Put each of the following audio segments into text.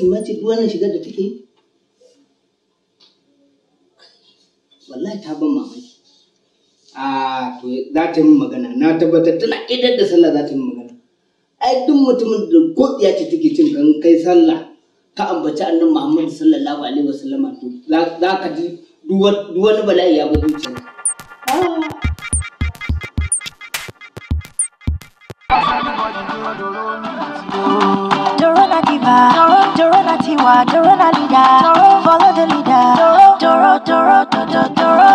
musulma ce duk wannan shigar da take yi wallahi ta ban mamaki a to za ta yi magana na tabbatar tana idar da sallah za ta yi magana ai duk mutumin da ko ya ce take cin kan kai sallah ka ambaci annabi Muhammad sallallahu alaihi wasallama to za ka ji duk wani bala'i ya bi zuciyarka ah! Don't run, Akiva. Don't Tiwa, Doro la leader, Doro follow the leader, Doro, Doro, Doro, Doro,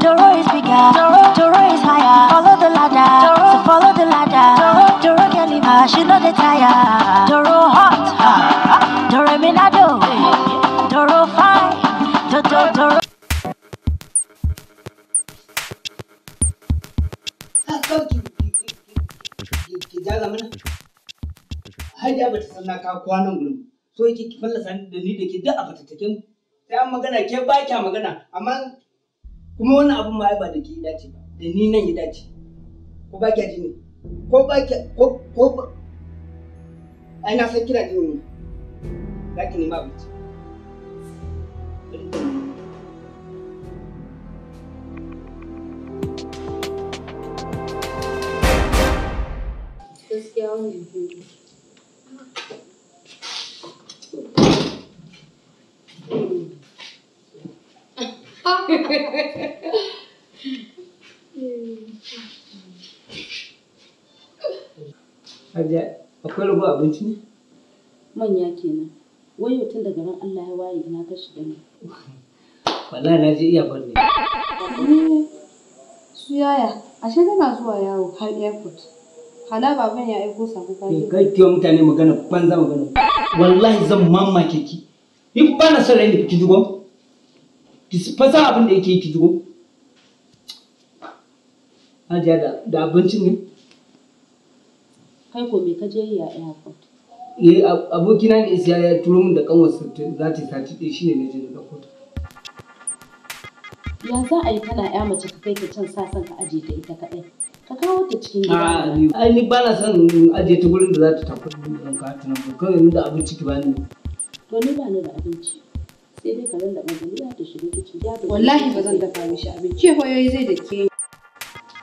Doro is bigger, Doro, Doro is higher, follow the ladder, Doro, so follow the ladder, Doro, Doro can leave her, she know the tire, Doro hot, Doro Minado, Doro fine, Doro, Doro. Hajiya ba ta san na kawo kwanan so yake ki fallasa da ni da ke duk a fatattakin sai an magana ke ba kya magana amma kuma wannan abun ma ba da ke dace ba da ni nan ya dace ko ba kya ji ko ba kya ko ko ai na san kira ji ni za ki nema abinci gaskiya wannan Hajiya, akwai rubu abinci ne? Manya kenan. Wai yau daga da Allah ya waye na kashi shiga ne. Wallahi na ji iya bar ne. Su yaya, ashe kana zuwa yawo har airport. Hala baban ya aiko sako ka je. Eh, kai kiwa mutane magana banza magana. Wallahi zan mamake ki. In ba na son rai da kiki dugon. ki fasa abin da yake ki zo hajiya da da abincin ne kai ko me ka je ya airport eh abokina ne ya ya turo min da kanwar za ta sati ɗaya shine na je na dauko ta ya za a yi kana ya mace ka kai ka can sa son ka aje ta ita kaɗai ka kawo ta cikin gida ai ni ba na son aje ta gurin da za ta tafi da kan ka tunan ba kawai ni da abinci ki ni to ni ba ni da abinci ta lallaɓa jamila ta shiga ciki ya da wallahi ba zan dafa mishi abinci hoyoyi zai da ke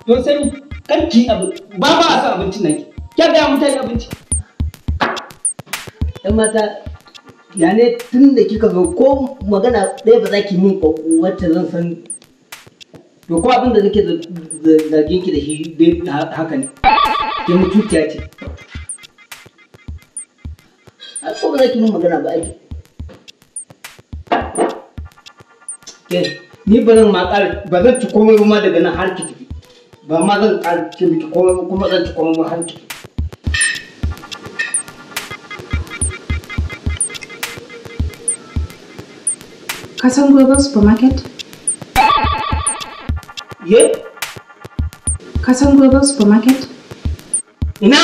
don sani karki abu ba ba a san abincin naki kya gaya mutane abinci dan mata ya ne tun da kika ga ko magana ɗaya ba za ki min wacce zan san to ko abin da nake zargin ki da shi dai haka ne ke mutuciya ce a ko ba za ki min magana ba aiki ni ba zan ma ba zan ci komai ma daga nan har ki tafi ba ma zan kar ki miki komai ba kuma zan ci komai ba har ki tafi. Ka san Global Supermarket? Ye? Ka san Global Supermarket? Ina?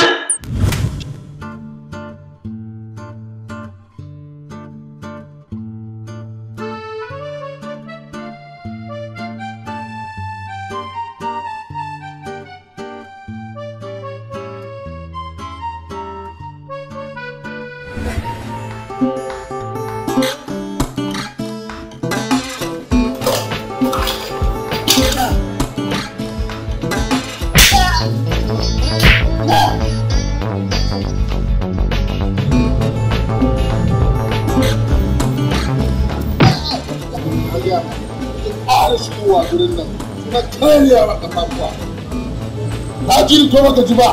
ka ji ko baka ji ba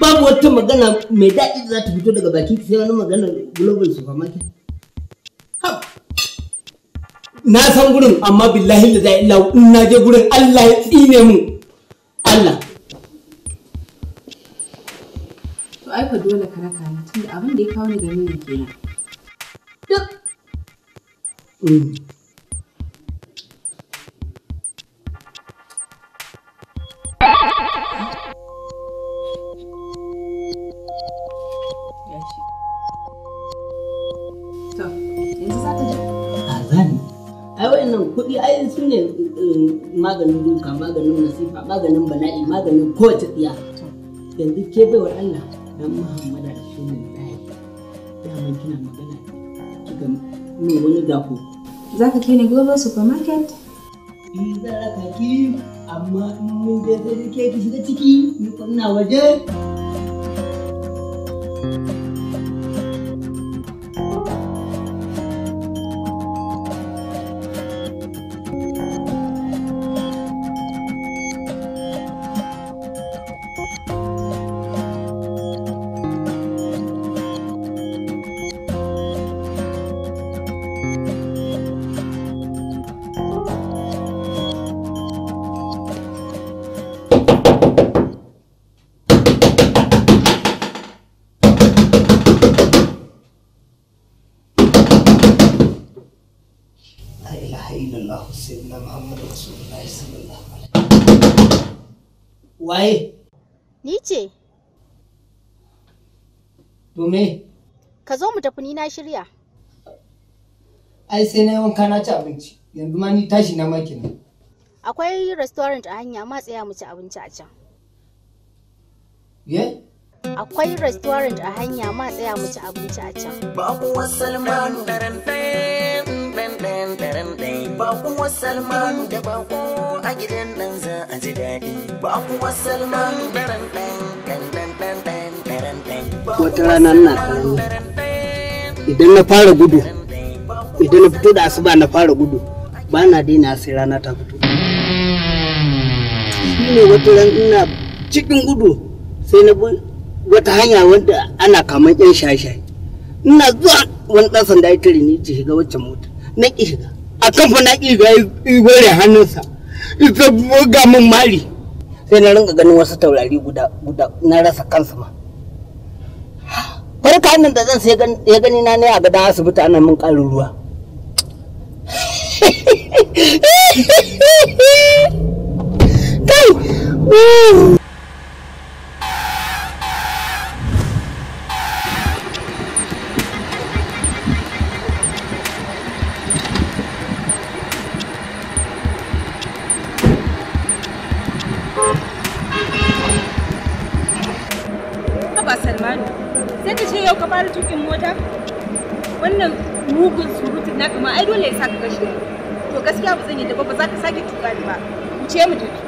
babu wata magana mai daɗi za ta fito daga bakin sai wani magana global supermarket na san gurin amma billahi da zai illa in na je gurin Allah ya tsine mu Allah to ai ka dole ka raka ni tunda abin da ya kawo ni gare ni kenan duk kuɗi ai su ne eh, maganin duka maganin nasifa maganin bala'i maganin kowace tsiya yanzu ke baiwar Allah dan Muhammadu shi ne Ya dama kina magana kika mai wani dafo. Za ka kai ni Global Supermarket? Ni eh, zan raka ki amma in mun je sai ke ki shiga ciki ni kuma waje. waje. waye ni ce to me ka zo mu tafi ni na shirya ai sai na wanka na ci abinci yanzu ma ni tashi na maki ne akwai restaurant a hanya ma tsaya mu ci abinci a can ye akwai restaurant a hanya ma tsaya mu ci abinci a can babu wasu salmanu daren daren ɗai ba kuwa salmanu da ba a gidan nan za a ji daɗi ba kuwa salmanu daren ɗan ɗan ɗan ɗan ɗan daren ɗan wata rana na kanu idan na fara gudu idan na fito da asuba na fara gudu ba na daina sai rana ta fito shine ne wata ran ina cikin gudu sai na bi wata hanya wanda ana kaman yan shashai ina zuwa wani dan sanda ya tare ni ce shiga waccan mota na ƙi a kan na ƙi igore hannunsa ita buga min mali. sai na ringa ganin wasu taurari guda guda na rasa kansa ma farka nan da zan sai ya gani na ne a gadan asibiti ana min ƙarin ruwa kai fara tukin mota wannan mugun surutu na kama, ai dole ya sa ka kashe to gaskiya ba zan yi da ba ba za ka sake tuka ni ba mu ce mu tafi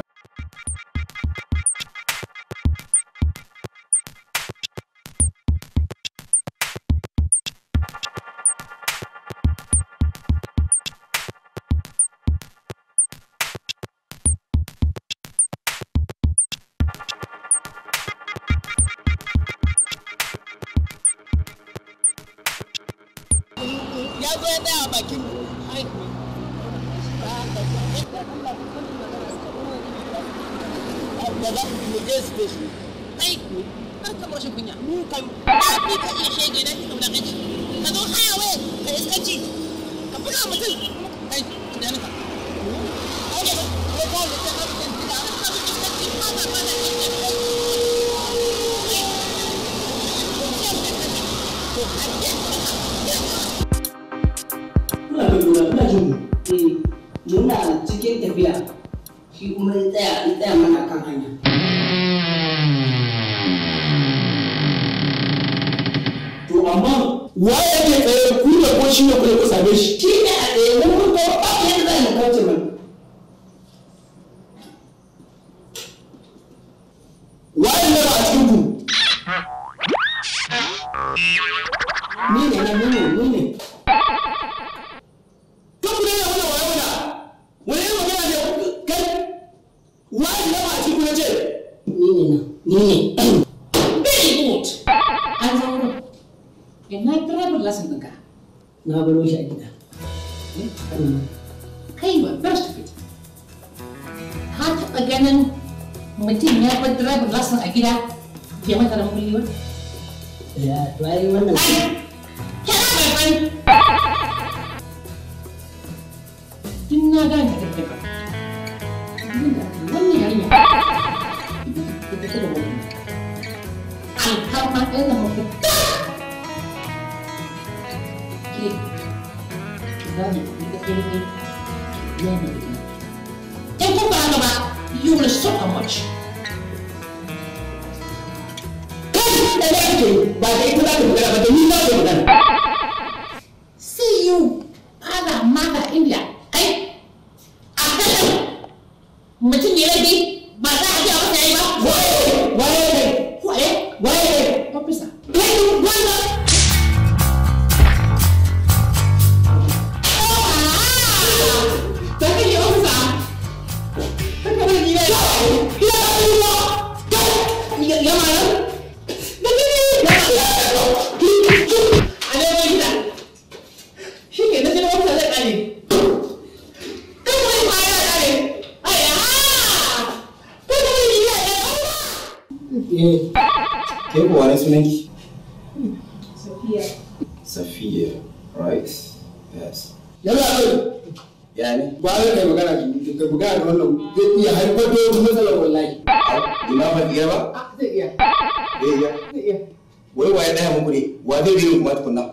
gaya muku ne wa zai biyo kuma tukunna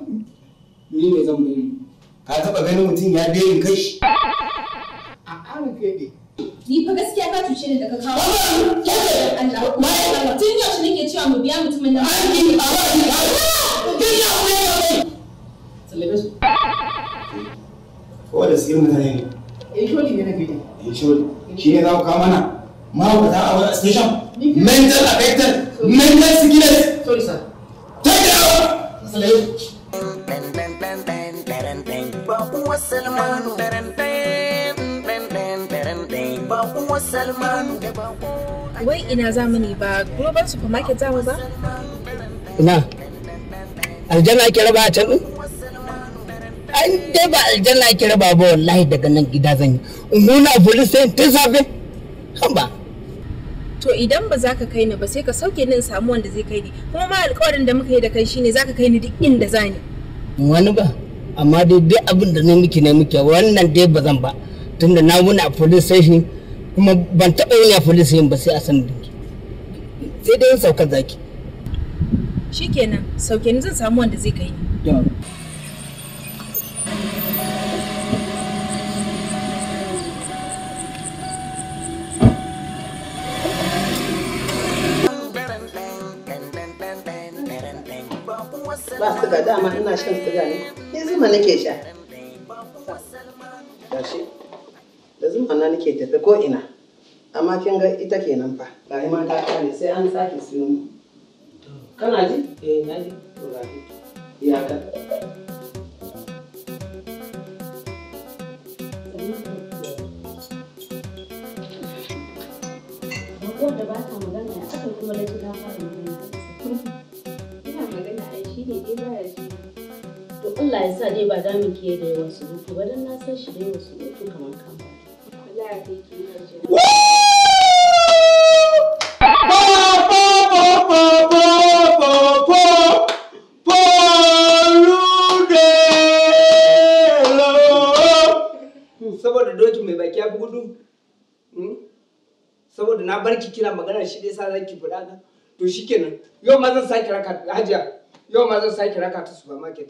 ni ne zan biyo. ka taba ganin mutum ya biyo kai shi a an kai ni fa gaskiya ka cuce ni daga kawo Allah Allah tun yaushe nake cewa mu biya mutumin nan an ki ba ba tun ya ne su ko da mutane ne eh, ne na gidi eh, shi ne za ku kawo mana ma ta a station mental affected mental sickness sorry sir Take Wai ina zamani ba Global Supermarket zamu ba? Ina Aljanna ake raba a can An dai ba aljanna ake raba ba wallahi daga nan gida zan yi. In a police tun safe? Hamba. to idan ba za ka kai ni ba sai ka sauke ni samu wanda zai kai ni kuma ma alƙawarin da muka yi da kai shine za ka kai ni duk inda za ni wani ba amma dai duk abin da ne miki ne muke wannan dai ba zan ba tunda na wuni a police station kuma ban taɓa wuni a police station ba sai a san dinki sai dai in sauka zaki shikenan sauke ni zan samu wanda zai kai ni dama ina shan siga ne ke zuma nake sha gashi da zuma na nake tafi ko ina amma kin ga ita kenan fa ga ma ta kare sai an sake siyo mu kana ji eh na ji to ga ya ka da ba magana ya kuma to Allah ya sa dai ba za mu kiye da yawan surutu ba don na san shi da yawan surutu kamar kama wallahi dai ki da jira saboda doki mai baki ya fi gudu hmm? saboda na barki kina magana shi dai sa zan ki fada to shikenan yau ma zan sake raka hajiya yau ma zan sake raka ta supermarket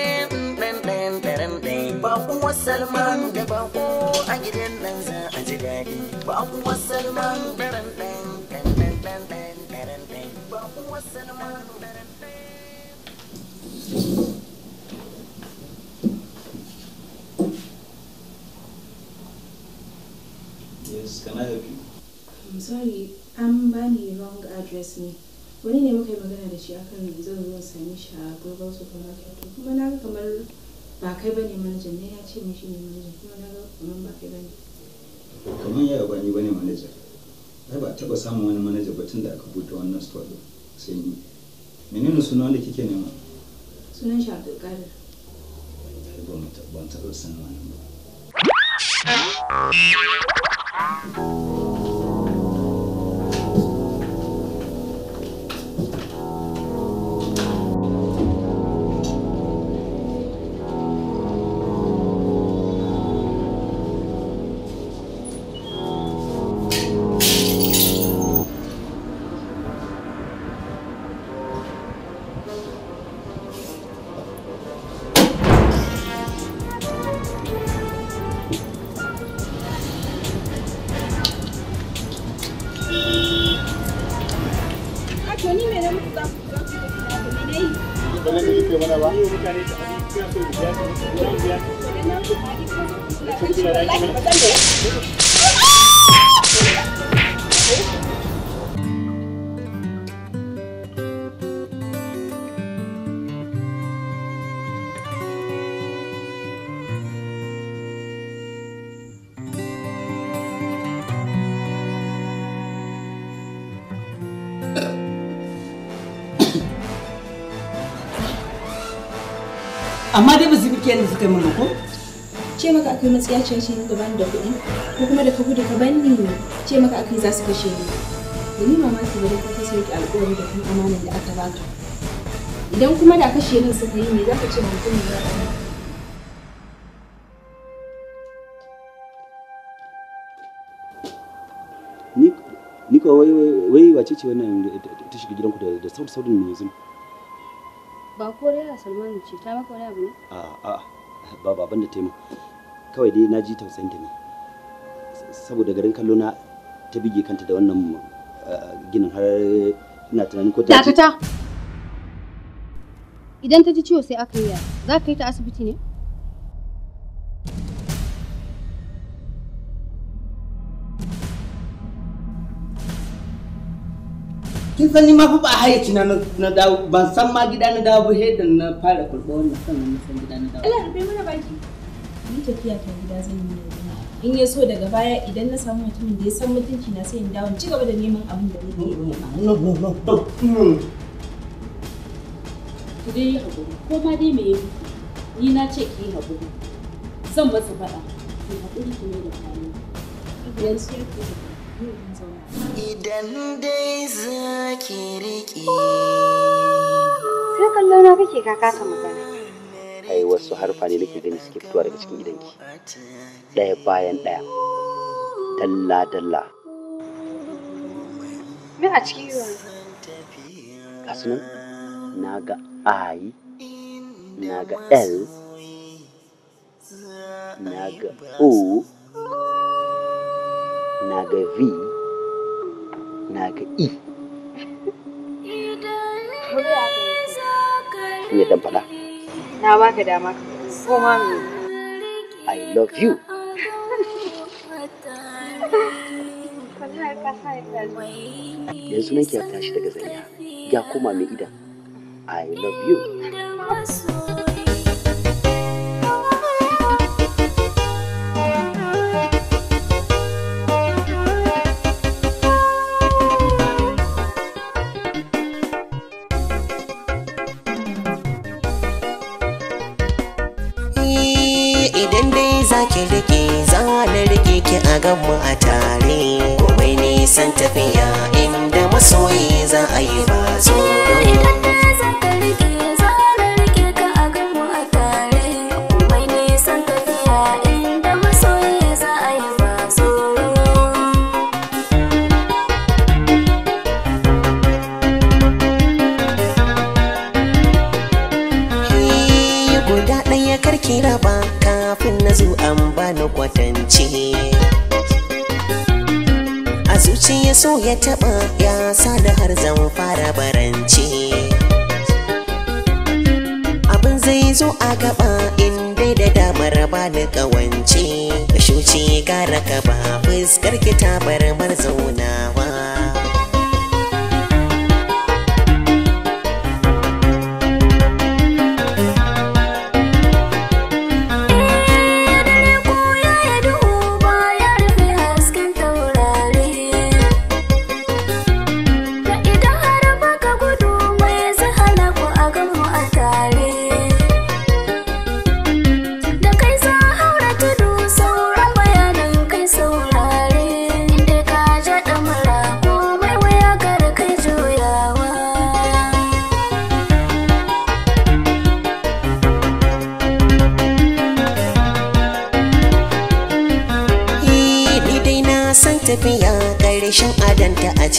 Bakuwar Salman da bako a gidan nan za a ji daɗi. ɗan ɗan ɗan ɗan ɗan daren ɗan. Bakuwar daren ɗan. Yes, can I help you? I'm sorry, an bani wrong address ne. Wani ne muka yi magana da shi akan zan zo same shi a Global Supermarket. Kuma na kamar ba kai ba bane manajan ne ya ce ni shi ne manajan kuma na ga kamar ba kai bane kamar yaya ba ni bane manajan ai ba taba samun wani manajan ba tun da aka buɗe wannan store din sai ni menene sunan wanda kike nema sunan shi Abdulkadir ai ba mu wannan ba tsiya ce shi ka bani da kuɗi ko kuma da ka gudu ka banni ce maka akai za su kashe ni da ni mamaki ba da ka kasa yake alƙawari da kuma amanar da aka baka idan kuma da kashe ni suka yi me za ka ce mutum ya ni ni ko wai wai wace ce wannan ta shiga gidanku da da saurin saurin ne yanzu ba ko rai a ce ta maka wani abu ne a ba ban da taimako kawai dai na ji tausayin ta ne saboda garin kallo na ta bige kanta da wannan eh, ginin har ina tunanin ko ta ta idan ta ji ciwo sai aka yi za ka yi ta asibiti ne kin san ni ma fa ba hayyaci na na dawo ban san ma gida na dawo ba da na fara kulbo wannan san na san gida na dawo Allah rufe mana baki ni tafiya ta gida zan yi da in ya so daga baya idan na samu mutumin da ya san mutunci na sai in dawo ci gaba da neman abin da nake no no dai yi haƙuri ko ma dai me ni na ce ki yi zan masa faɗa ki haƙuri ki ne da kayan idan sai ki Idan dai za riƙe. Sai kallo na kake kaka ka magana. ai wasu harfa ne nake gani suke fitowa daga cikin gidanki ɗaya bayan ɗaya dalla dalla me a ciki kasunan na ga i na ga l na ga o na ga v na ga e me dan faɗa Na baka dama ka ko me. I love you. Yanzu nake ya tashi daga zanya ya koma mai idan. I love you.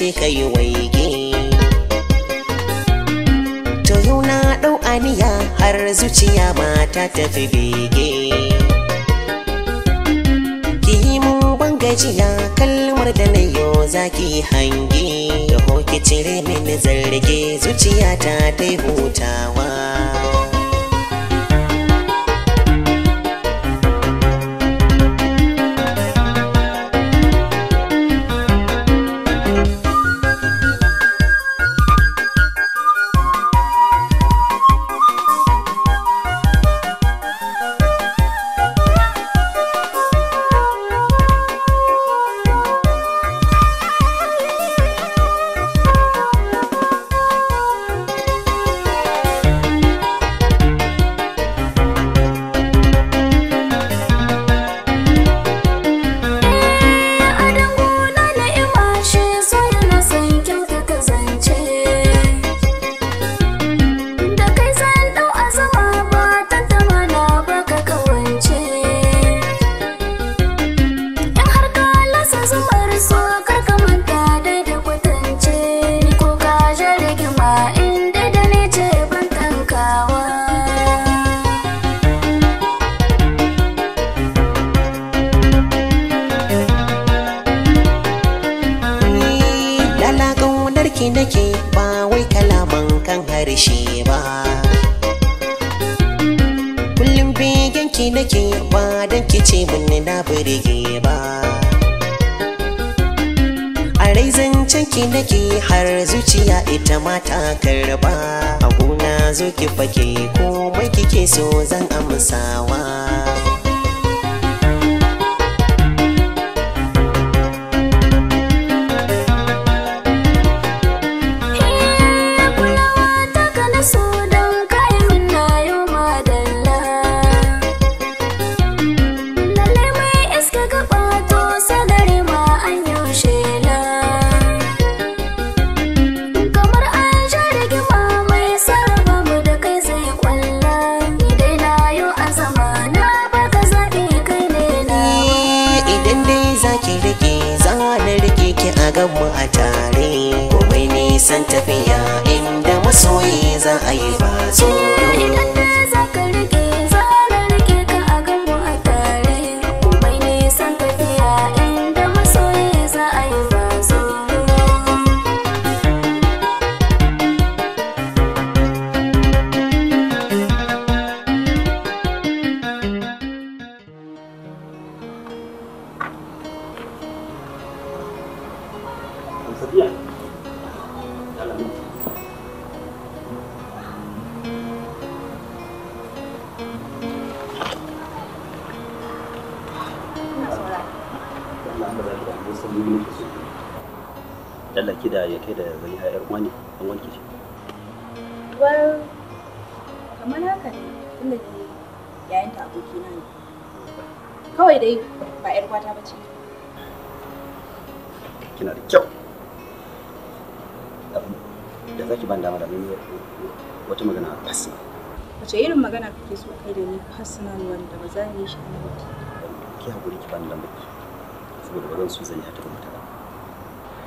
sai ka yi waige to yau na ɗau aniya har zuciya ba ta tafi bege ki yi gajiya kalmar da na yau za ki da ki cire mini zarge zuciya ta ta hutawa kamata karba a gona zo ki fake komai kike so zan amsawa su zan ya taɓa mata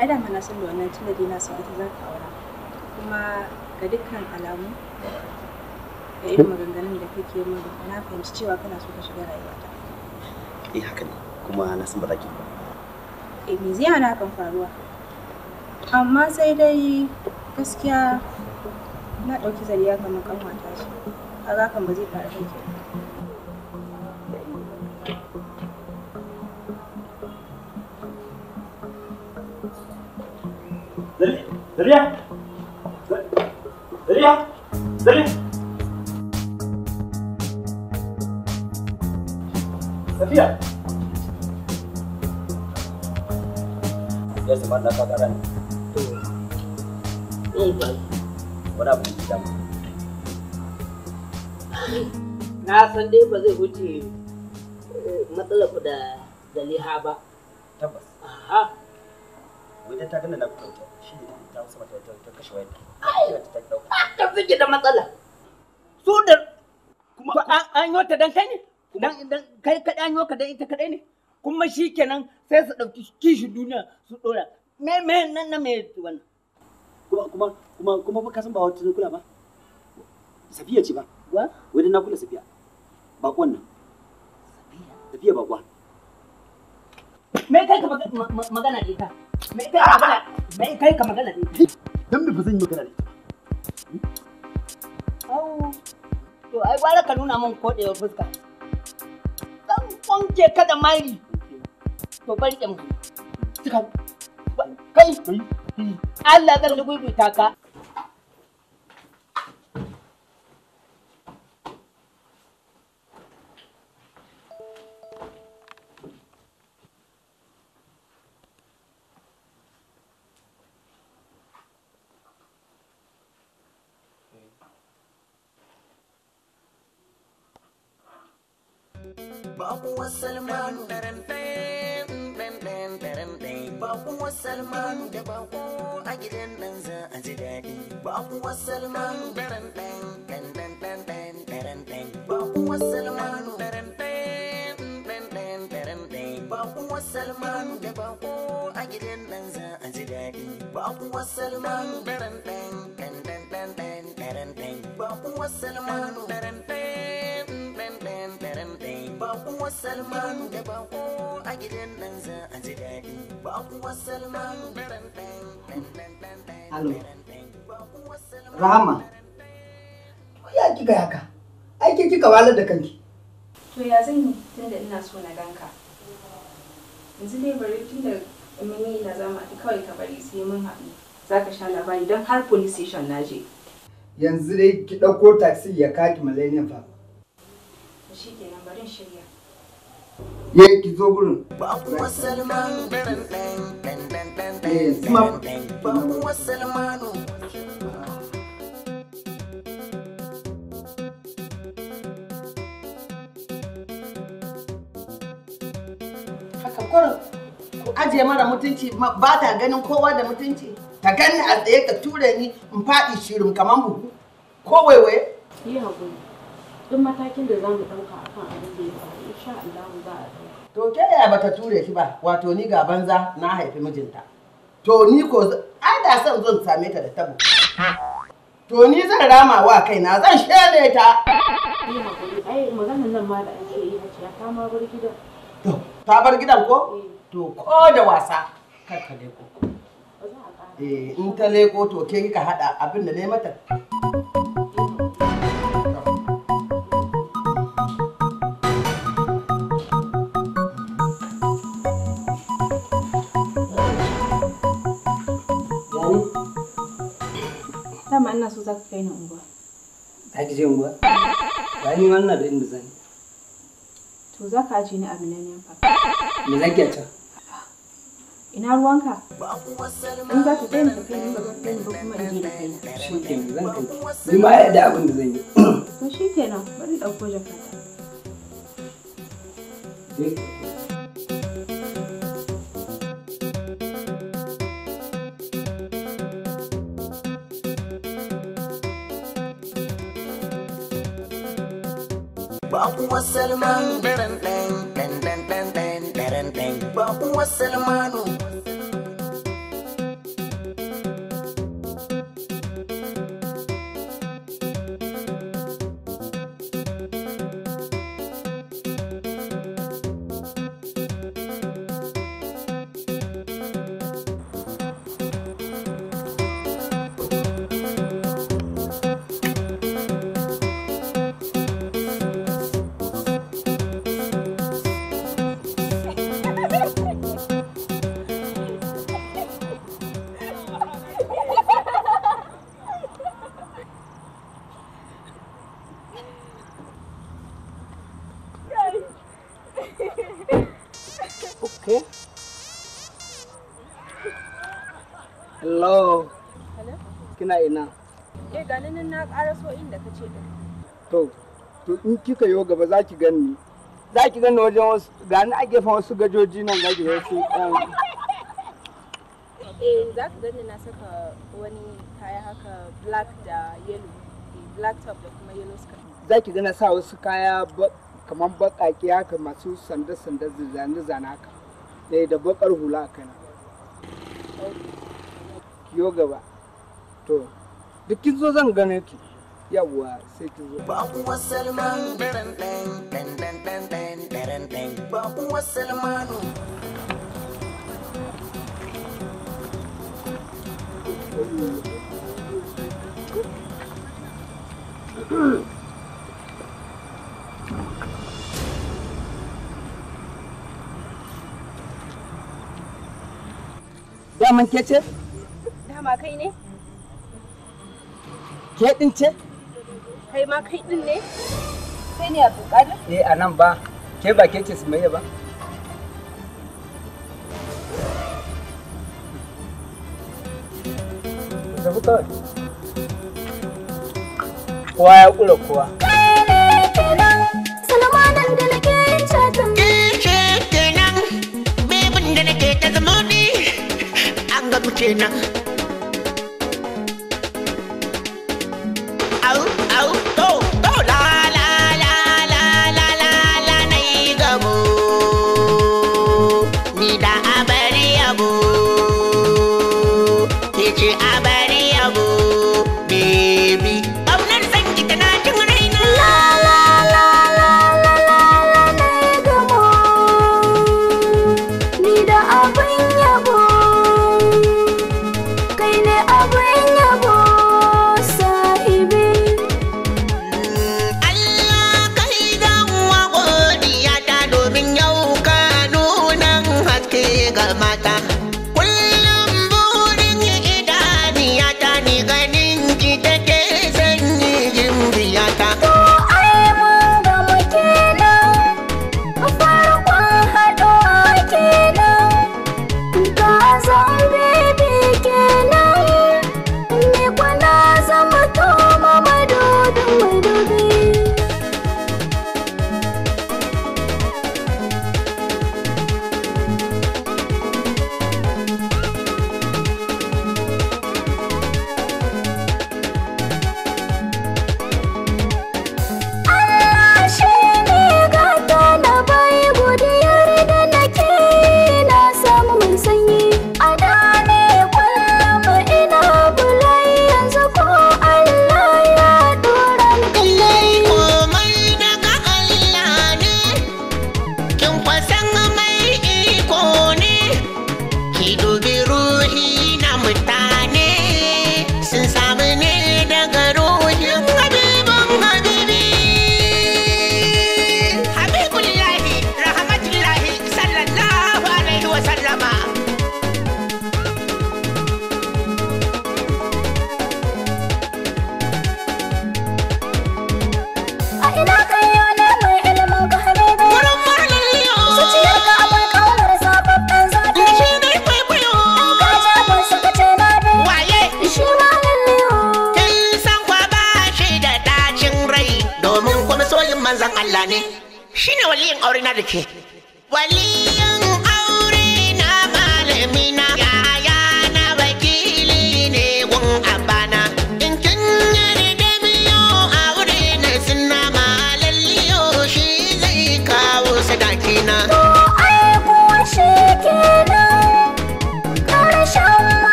ai da na san da wannan tunda dai na san ita za ka aura kuma ga dukkan alamu da irin maganganun da kake yi min na fahimci cewa kana so ka shiga rayuwata eh haka ne kuma na san ba za ki ba eh me zai ana kan faruwa amma sai dai gaskiya na ɗauki zariya kamar kan mata shi za ka ba zai faru ba kenan Derrière Derrière Derrière Safiya na eh, eh, Na san dai ba zai wuce eh, matsalar da da liha ba. Tabbas. Aha. ta gana na ta sama ta ta kashe wayar ai ta ta fike da matsala su da kuma an yi ta dan kai ne dan dan kai kadai an yi ka dan ita kadai ne kuma shikenan sai su dauki kishi duniya su dora me me nan na me wannan kuma kuma kuma kuma ba ka san ba wata kula ba safiya ce ba wa wani na kula safiya bakon nan safiya safiya bakwa me kai ka magana da ita Me kai magana, me kai ka magana ne. Dan me ba zan yi magana ne. Au. Oh, to ai gwara ka nuna min kodewar fuska. Dan kwance ka da mari. To bari in. Kai. Allah zan rubuta ka. Salman da bako a gidan nan za a ji daɗi. Bakuwar Salman daren ɗan ɗan daren ɗan. Bakuwar Salman daren ɗan ɗan daren ɗan. Bakuwar Salman da bako a gidan nan za a ji daɗi. Bakuwar Salman daren ɗan ɗan daren ɗan. Bakuwar Salman daren Bakuwar Salmanu da bako a gidan nan za a ji daɗi. ya kika yaka, kika walar da kanki. To ya zan yi tun da ina so na ganka. Yanzu dai bari tunda mun yi na zama kawai ka bari sai mun haɗu. Za ka sha labari don har police station na je. Yanzu dai ki ɗauko taxi ya kaki Millennium Park. shikenan barin shirya ye ki zo gurin eh, salmanu haka kurin aje mara mutunci ba ta ganin kowa da mutunci ta gani a tsaye ka ture ni in faɗi shirin kamar buhu ko waiwaye yi haƙuri duk matakin da za mu ɗauka a kan abin da ya faru insha Allah za a ɗauka. To ke yaya bata ture shi ba wato ni ga banza na haifi mijinta. To ni ko ai da son zan same ta da tabo. To ni zan rama wa kaina zan shele ta. Ai maganar nan ma da ake yi mace ya kama bar gidan. To ta bar gidan ko? Eh. To ko da wasa kar ka leko. Eh in ta leko to ke ka haɗa abin da ne mata kana so za kai ni unguwa za ki je unguwa ba ni wannan da inda zan to za ka aje ni a millennium park me za ki can ina ruwanka in za ka kai ni ka kai ni ba ka kai ni ba kuma in je da kai shi kenan zan kai ni ma da abin da zan yi to shi kenan bari ɗauko jaka. Eh. babuwa salmanu dan dan dan dan dan dan dan ina ina eh gani nan na so inda ka ce din to to in kika yo gaba za ki ganni za ki gani wajen wasu gani a gefen wasu gajoji nan za ki wasu. Eh. eh za ki ganni na saka wani kaya haka black da yellow eh, black top da kuma yellow skirt za ki gani sa wasu kaya kamar baƙaƙe haka masu sanda-sanda zane-zane haka eh, da bakar hula kana Yoga ba. to da kin zo zan gane ki yawwa sai ki zo ba ku wasalmanu ba ku wasalmanu Daman kece? Dama kai ne? Ke din ce? Kai ma kai din ne? Kai ne Abdulkadir? Eh a nan ba. Ke ba ke ce Sumayya ba? Tafi kawai. Kowa ya kula kowa. Salamanan da nake Kenan, bibin da nake ta zama ni, kenan.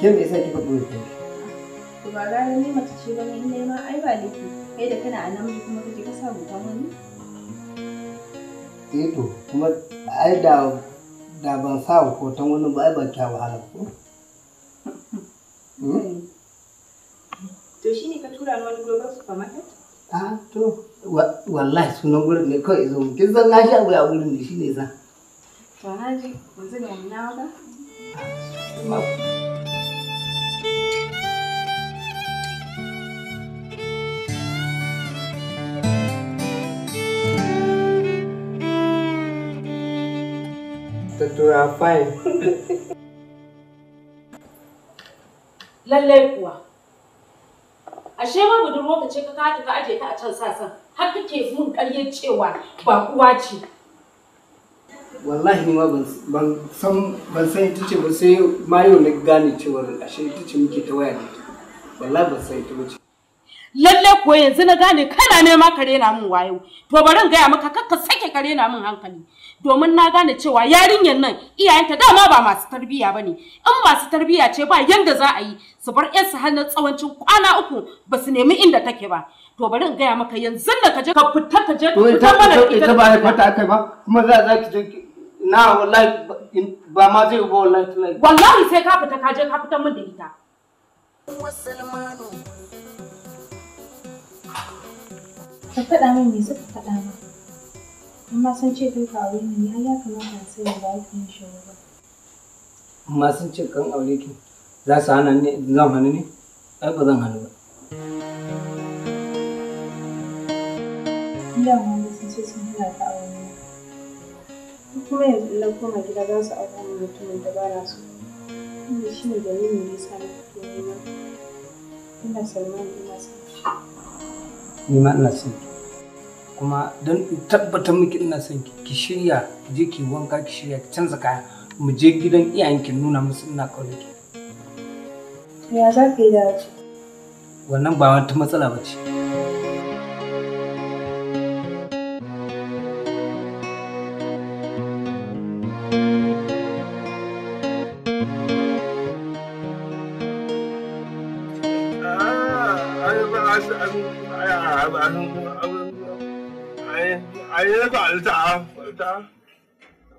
ke me yasa kika boye kanki to ba ga ni mace ce ba ni in ma ai ba laifi kai da kana a namiji kuma kaje ka sa gutan wani eh to kuma ai da da ban sa ta wani ba ai ba kya wahala ko hmm? to shine ka tura ni wani global supermarket a ah, to wallahi sunan gurin ne kawai zo kin san na sha a gurin ne shine sa to na ji ba zan yi wannan ba ah, to are lallai kuwa ashe ma budurwa ka ce ka kaji ka aje ta a can sasan har kake mun ƙaryar cewa ba kuwa ce wallahi ni ma ban san ban san ita ce ba sai ma yau na gane cewa ashe ita ce muke ta waya ne wallahi ban san ita ba ce lalle ko yanzu na gane kana nema ka rena min wayo to bari in gaya maka kakka sake ka rena min hankali domin na gane cewa yarinyar nan iyayenta dama ba masu tarbiyya bane in masu tarbiyya ce ba yanda za a yi su bar yarsu har na tsawancin kwana uku ba su nemi inda take ba to bari in gaya maka yanzu da ka je ka fita ka je ka fita mana ita ba ya fata kai ba kuma za za ki je na wallahi ba ma zai ba wallahi wallahi sai ka fita ka je ka fita min da ita ka faɗa min me suka faɗa min amma sun ce kan aure ni ya ya kamata sai ba ki za su hana ne ai ba zan hana ba Ina kuma yanzu na koma gida za su mutumin da ba na so shi ne ya sa na fito ina salman ina shi ni ma ina son kuma don tabbatar miki ina son ki shirya je ki wanka ki shirya ki canza kaya mu je gidan iyayenki nuna musu ina ƙaunar ki. Ya za ka yi da Wannan ba wata matsala ba ce.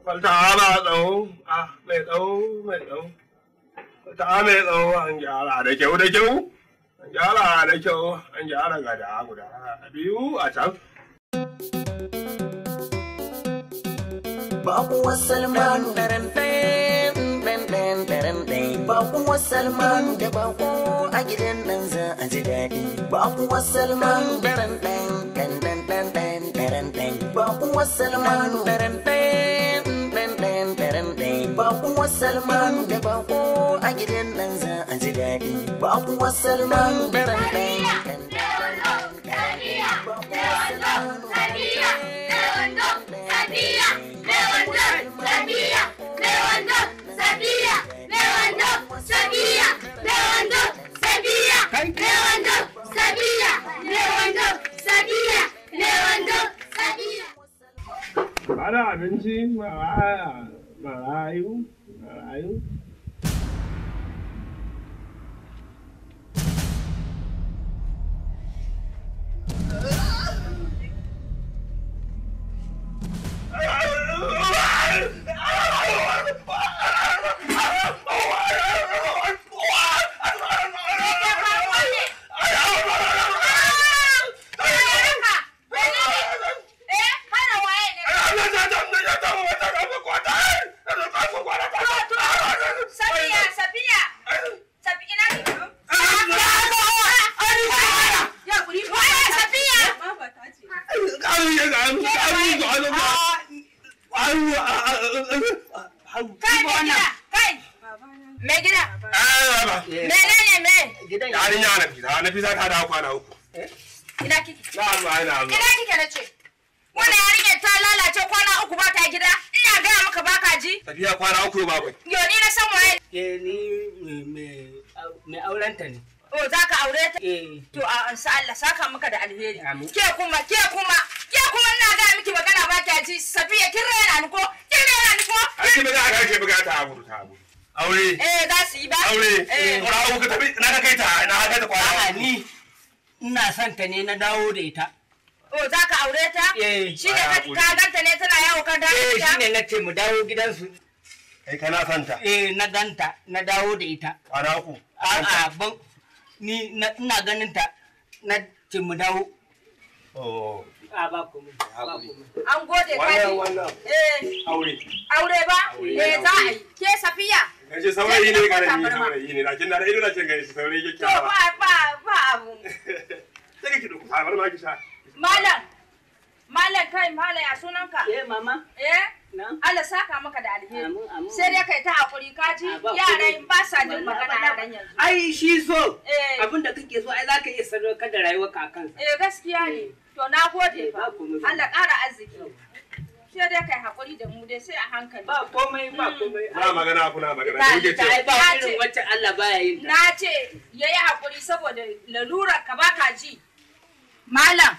Con trả là đâu À mẹ đâu mẹ đâu Con trả mẹ đâu Anh già là để chịu để chú Anh già là để chịu Anh già là gà già của đã biếu à sợ Babu Salman Daran Pen Ben Ben Daran Pen Babu Salman da bako a gidan nan za a ji daɗi Babu Salman Daran Pen Ben Ben Ben Ben Daran Pen Babu Salman Daran Pen bakuwa salmanu da bako a gidan nan za a ji daɗi bakuwa salmanu da bako Ana abinci ba Valeu, valeu. Ah! Mai gida. Menene mai? Gidan yarinya na fita, na fita ta dawo kwana uku. Gida kike. Na zuwa ina kike na ce. Wannan yarinyar ta lalace kwana uku ba ta gida. Ina gaya maka ba ka ji. Tafiya kwana uku ba kai. Yo ni na san waye. Ke ni mai auren ne. To za ka aure ta? Eh. To a sa Allah saka maka da alheri. Ke kuma ke kuma ke kuma ina ga miki magana ba ta ji Safiya kin raina ni ko? Kin raina ni ko? Ai kin magana ga ke bukata a buru ta buru. Aure. Eh za su yi ba. Aure. Eh. Ora eh, abu ka na ga kai ta na ka ta kwana. A'a ni ina son ta ne na dawo da ita. To za ka aure ta? Eh. Shi ne ka ganta ne tana yawo ka eh, ta? Eh shi ne na ce mu dawo gidansu. Kai kana santa. ta? Eh na ganta na dawo da ita. Kwana uku. A'a ban ni na ina ganin ta na ce mu dawo a ba komai an gode kai eh aure aure ba eh za a yi ke safiya kace saurayi ne ga ni saurayi ne lakin da ido na ce cin gani saurayi yake ba ba ba ba abu take ki duku bar ma ki sha malam malam kai malam ya sunanka eh mama eh Allah saka maka da alheri. Sai dai kai ta hakuri ka ji in ba sa jin magana yaran yanzu. Ai shi so eh. abin da kake so ai za ka iya ka da rayuwar kakan. Eh gaskiya ne. Eh. To na gode eh, fa. Allah ƙara arziki. Sai dai kai hakuri da mu dai sai a hankali. Ba komai ba hmm. komai. Ba magana kuna magana. Ni ce ba irin wacce Allah baya yin ta. Na ce yayi hakuri saboda Lalura ka baka ji. Malam.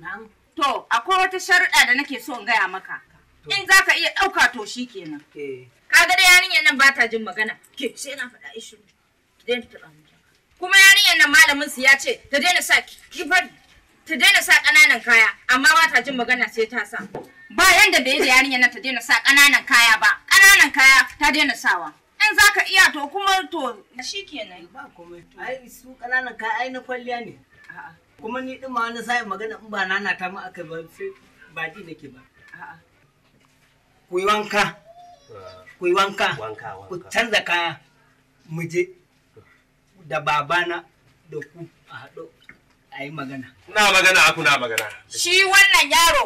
Na'am. To akwai wata sharuɗa da nake so in gaya maka. in za ka iya ɗauka to shi kenan. Eh. Kaga da yarinyar nan ba ta jin magana. Ke sai na faɗa ishu. Kuma yarinyar nan malamin su ya ce ta daina sa kifar ta daina sa ƙananan kaya amma ba ta jin magana sai ta sa. Ba yanda da yadda yarinyar nan ta daina sa ƙananan kaya ba. Ƙananan kaya ta daina sawa. In za ka iya to kuma to shi kenan. Ba komai. Ai su ƙananan kaya ai na kwalliya ne. Kuma ni ɗin ma wani sa'in magana in ba nana ta mu aka ba sai ba ji nake ba. A'a. ku yi wanka ku yi wanka ku canza kaya mu je da babana da ku a haɗo a yi magana na magana aku na magana shi wannan yaro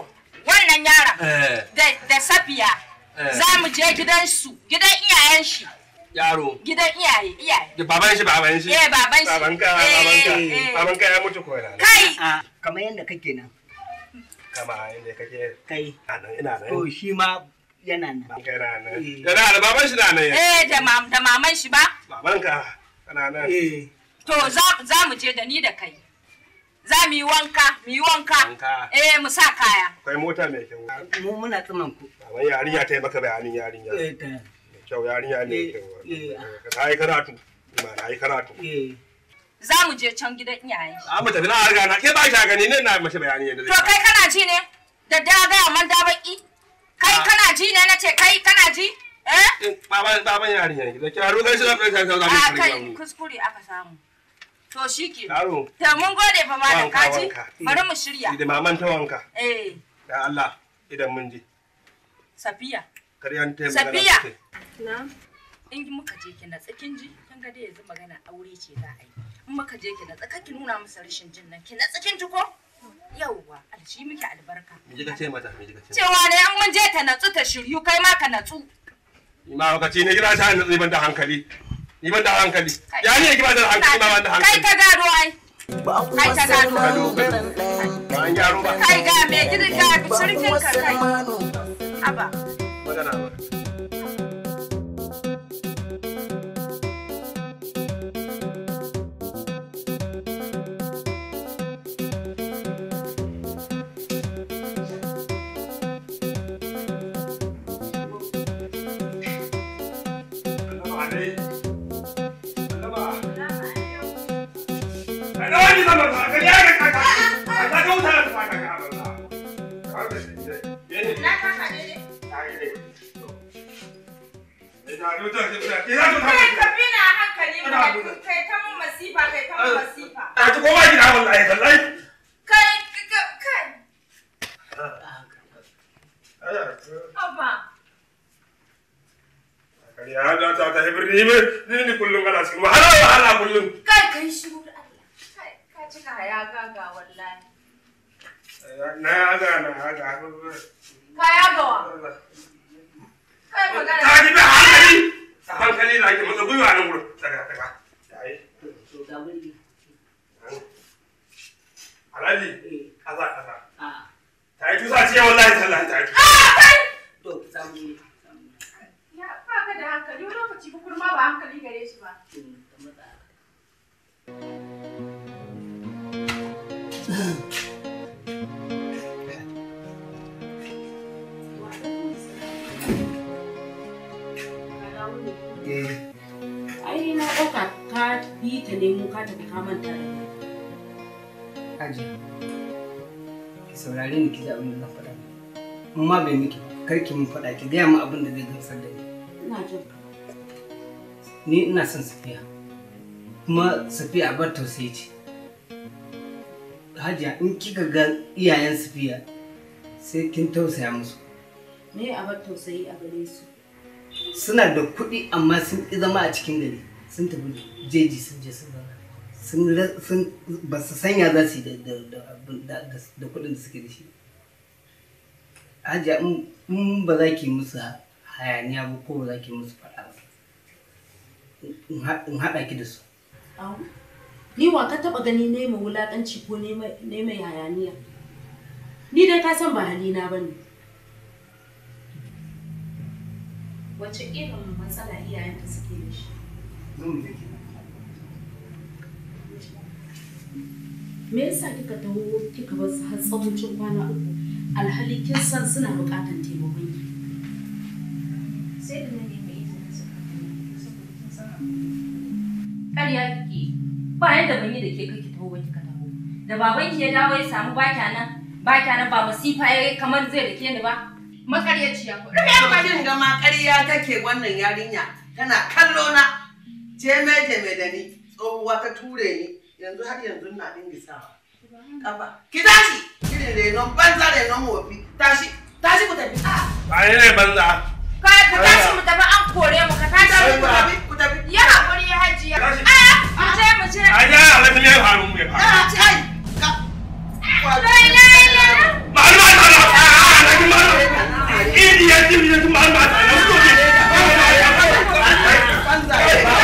wannan yara. Eh. da safiya eh. za mu je gidan su gidan iyayen shi yaro gidan iyaye iyaye da baban shi baban shi eh baban shi baban ka baban ka eh, baban ka ya mutu ko yana kai kamar yanda kake nan kamar yanda kake kai ina nan to shi ma yana nan yana nan eh. da da baban shi na nan eh da mam da maman shi ba baban ka kana nan eh to za za mu je da ni da kai za mu yi wanka mu yi wanka eh mu sa kaya akwai mota mai kyau mu muna tsaman ku baban yarinya ta yi maka bayanin yarinya eh ta kyau yarinya ne kyau ka eh, eh. yi karatu ma na yi karatu eh za mu je can gidan iyaye. shi. Amma tafi na harga na ke ba shi gani ne na mace bayani yadda zai. To kai kana ji ne? Da daga man da baki. kai kana ji ne na ce kai kana ji eh, eh baban yari ne da kira kai shi da kai kai kai kai kuskure aka samu to shike yaro ta mun gode fa da kaji bari mu shirya da maman ta wanka eh da Allah idan mun ji. safiya karyan ta safiya na in muka je ki na tsakin ji kin ga dai yanzu magana aure ce za a yi in muka je ki na tsakin ki nuna masa rashin jin nan ki na tsakin ji ko Yawwa, alshi miki albarka. Me kika ce mata? Me kika ce? Cewa ne an mun je ta natsu ta shiryu kai ma ka natsu. Ni ma lokaci ne kira ta natsu ban da hankali. Ni ban da hankali. Ya ne kira da hankali ma ban da hankali. Kai ka gado ai. Kai ka gado. ai, an gyaro ba. Kai ga me gidan ka sarkin ka kai. Aba. ma bai miki kar ki mun faɗa ki gaya mu abin da zai gamsar da ni ina jin ni ina son safiya kuma safiya bar tausayi ce hajiya in kika ga iyayen safiya sai kin tausaya musu me a bar tausayi a gare su suna da kuɗi amma sun ƙi zama a cikin gari sun tafi jeji sun je sun zama sun ba su sanya za su yi da kuɗin da suke da shi hajiya in ba za ki musu hayaniya ba ko ba za ki musu faɗa ba in haɗa ki da su ni wa ka taɓa gani nema wulaƙanci ko nema hayaniya ni dai ka san ba halina ba ne wace irin matsala iyayenka suke da shi me yasa kika taho kika bar har tsawon kwana uku alhali kin san suna buƙatar taimakon ki sai da nake mai izinin su saboda kin ki ba yadda ban yi da ke kake taho ba ka tawo da baban ki ya dawo ya samu ba nan ba nan ba masifa ya kamar zai rike ni ba makaryaciya ko rufe ba kin ga ma take wannan yarinya tana kallo na jeme jeme da ni tsohuwa ta ture ni yanzu har yanzu na dingisawa kafa ki tashi irin renon banza renon wofi tashi tashi ku tafi a ne banza ka ka tashi mu tafi an kore mu ka tashi ku tafi ku tafi ya hakuri ya hajiya a mu je mu je a ya alamin ne harun mu ya fara a ce ai ka lai lai lai ma'alma ta na a alamin ma'alma idi ya ji ya ji ma'alma ta na so ne banza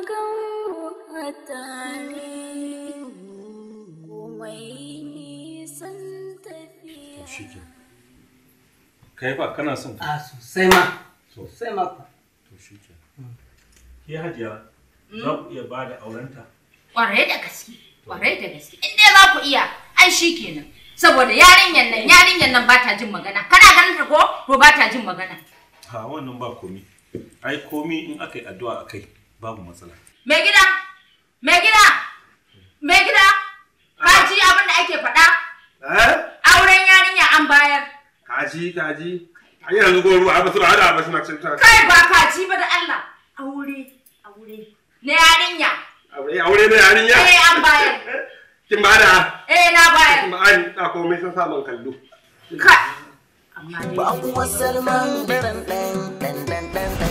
kai fa kana son a ah, sosai ma sosai ma fa to shi ke mm. ke hajiya mm. za ku iya ba da aurenta kwarai da gaske kwarai da gaske in dai za ku iya ai shi kenan saboda yarinyan nan yarinyan nan ba ta jin magana kana ganin ta ko ko ba ta jin magana ha wannan ba komi ai komi in aka yi addu'a akai babu matsala me gida Mai gida, Mai gida, kaji abin da ake faɗa? Eh? Auren yarinya an bayar. Kaji, kaji. Ai yanzu ko ruwa ba su ba hada ba su cin ta. Kai ba kaji ba da Allah. Aure, aure. Na yarinya. Aure, aure na yarinya. Eh an bayar. Kin bada? Eh na bayar. Kuma an ta komai sun sa man kallo. Kai. Ba kuma Salman dan dan dan dan.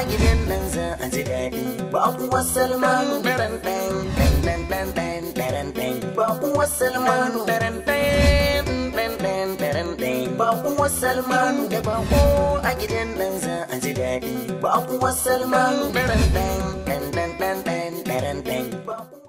a gidan nan za a ji daɗi ba kuwa salmanu daren ɗan ɗan ɗan ɗan daren ɗan ba kuwa salmanu daren ɗan ɗan ɗan daren ɗan ba kuwa salmanu da ba ko a gidan nan za a ji daɗi ba kuwa salmanu daren ɗan ɗan ɗan ɗan daren ɗan